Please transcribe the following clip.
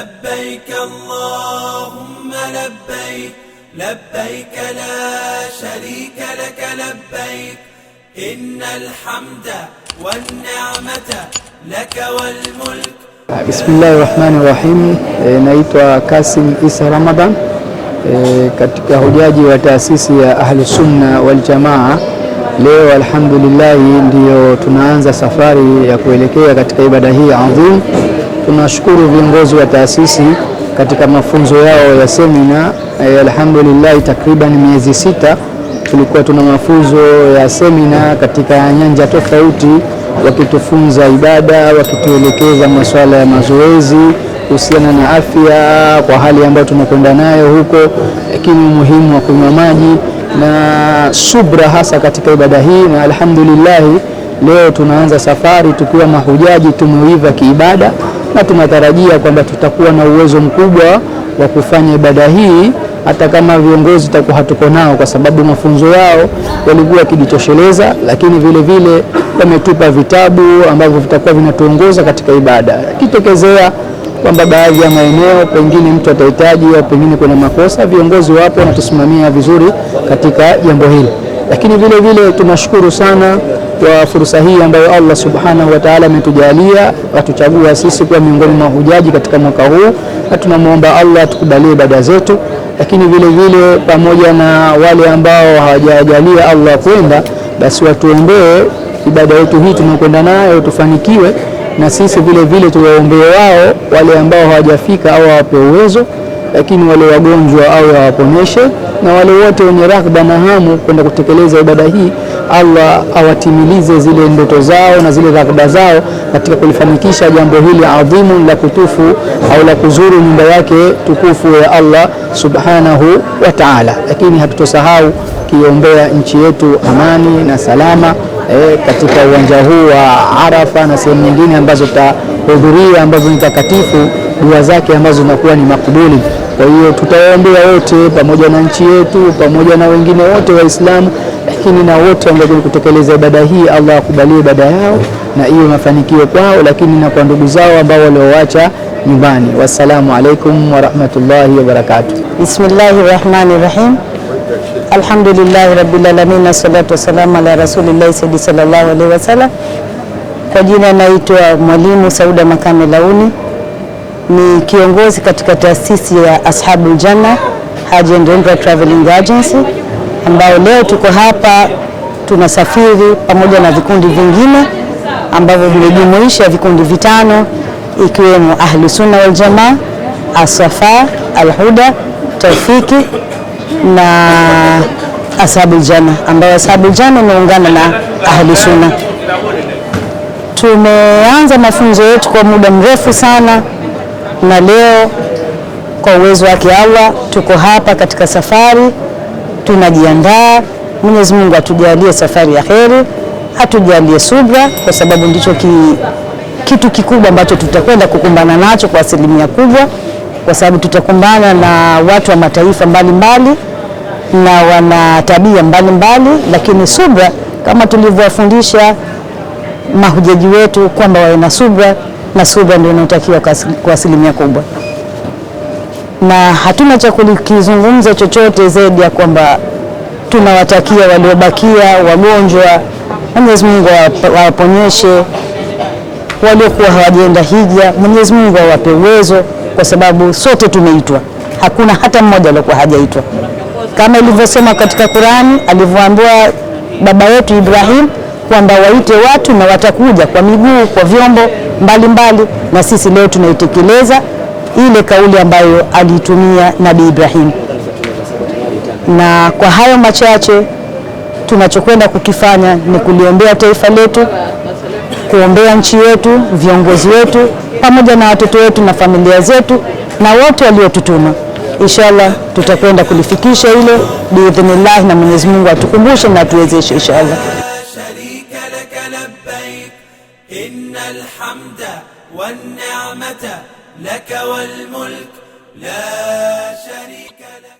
لبيك اللهم لبيك لبيك لا شريك لك لبيك إن الحمد والنعمة لك والملك بسم rahmani rahim. الرحيم naitwa Kasim Isa Ramadan e, katika hujaji wa taasisi ya ahli wal Waljamaa. Leo alhamdulillah ndiyo tunaanza safari ya kuelekea katika ibada hii adhim Tunashukuru viongozi wa taasisi katika mafunzo yao ya semina e, alhamdulillah takriban miezi sita tulikuwa tuna mafunzo ya semina katika nyanja tofauti, wakitufunza ibada, wakituelekeza masuala ya mazoezi kuhusiana na afya kwa hali ambayo tumekwenda nayo huko, lakini umuhimu wa kunywa maji na subra hasa katika ibada hii. Na alhamdulillah leo tunaanza safari tukiwa mahujaji tumeiva kiibada na tunatarajia kwamba tutakuwa na uwezo mkubwa wa kufanya ibada hii hata kama viongozi takuwa hatuko nao, kwa sababu mafunzo yao walikuwa wakijitosheleza, lakini vile vile wametupa vitabu ambavyo vitakuwa vinatuongoza katika ibada, akitokezea kwamba baadhi ya maeneo pengine mtu atahitaji au pengine kuna makosa, viongozi wapo wanatusimamia vizuri katika jambo hili. Lakini vile vile tunashukuru sana kwa fursa hii ambayo Allah subhanahu wa taala ametujalia atuchagua sisi kuwa miongoni mwa hujaji katika mwaka huu, na tunamwomba Allah tukubalie ibada zetu, lakini vile vile pamoja na wale ambao hawajajalia Allah kwenda, basi watuombee ibada yetu hii tunakwenda nayo tufanikiwe, na sisi vile vile tuwaombee wao wale ambao hawajafika au hawape uwezo lakini wale wagonjwa au awaponyeshe, na wale wote wenye raghba na hamu kwenda kutekeleza ibada hii, Allah awatimilize zile ndoto zao na zile raghba zao katika kulifanikisha jambo hili adhimu la kutufu au la kuzuru nyumba yake tukufu ya Allah subhanahu wa ta'ala. Lakini hatutosahau kiombea nchi yetu amani na salama E, katika uwanja huu wa Arafa na sehemu nyingine ambazo tutahudhuria ambazo ni takatifu, dua zake ambazo zinakuwa ni makubuli. Kwa hiyo tutawaombea wote pamoja na nchi yetu pamoja na wengine wote Waislamu, lakini na wote wangekuja kutekeleza ibada hii, Allah akubalie ibada yao na iwe mafanikio kwao, lakini na kwa ndugu zao ambao walioacha nyumbani. Wassalamu alaikum warahmatullahi wabarakatuh. Bismillahi rahmani rahim. Alhamdulillahi rabbil alamin wassalatu wassalamu ala rasulillahi sayyidi sallallahu alaihi wasallam. Kwa jina naitwa Mwalimu Sauda Makame Launi ni kiongozi katika taasisi ya Ashabul Janna Haji and Umrah Traveling Agency, ambayo leo tuko hapa tunasafiri pamoja na vikundi vingine ambavyo vimejumuisha vikundi vitano ikiwemo Ahlu Sunna wal Jamaa, Asafa, Alhuda, Taufiki na Ashabul Janna, ambayo Ashabul Janna imeungana na Ahlu Sunna. Tumeanza mafunzo yetu kwa muda mrefu sana na leo kwa uwezo wake Allah tuko hapa katika safari, tunajiandaa. Mwenyezi Mungu atujalie safari ya heri, atujalie subra, kwa sababu ndicho ki, kitu kikubwa ambacho tutakwenda kukumbana nacho kwa asilimia kubwa, kwa sababu tutakumbana na watu wa mataifa mbalimbali mbali, na wana tabia mbalimbali, lakini subra kama tulivyowafundisha mahujaji wetu kwamba wawe na subra na subra ndio inaotakiwa kwa asilimia kubwa, na hatuna cha kukizungumza chochote zaidi ya kwamba tunawatakia waliobakia wagonjwa, Mwenyezi Mungu awaponyeshe, waliokuwa hawajaenda hija, Mwenyezi Mungu awape uwezo, kwa sababu sote tumeitwa, hakuna hata mmoja aliyokuwa hajaitwa, kama ilivyosema katika Qurani alivyoambiwa baba yetu Ibrahim kwamba waite watu na watakuja kwa miguu, kwa vyombo mbalimbali mbali, na sisi leo tunaitekeleza ile kauli ambayo aliitumia Nabii Ibrahim. Na kwa hayo machache tunachokwenda kukifanya ni kuliombea taifa letu, kuombea nchi yetu, viongozi wetu, pamoja na watoto wetu na familia zetu na wote waliotutuma. Inshallah tutakwenda kulifikisha ile biidhnillahi, na Mwenyezi Mungu atukumbushe na atuwezeshe inshallah. لبيك إن الحمد والنعمة لك والملك لا شريك لك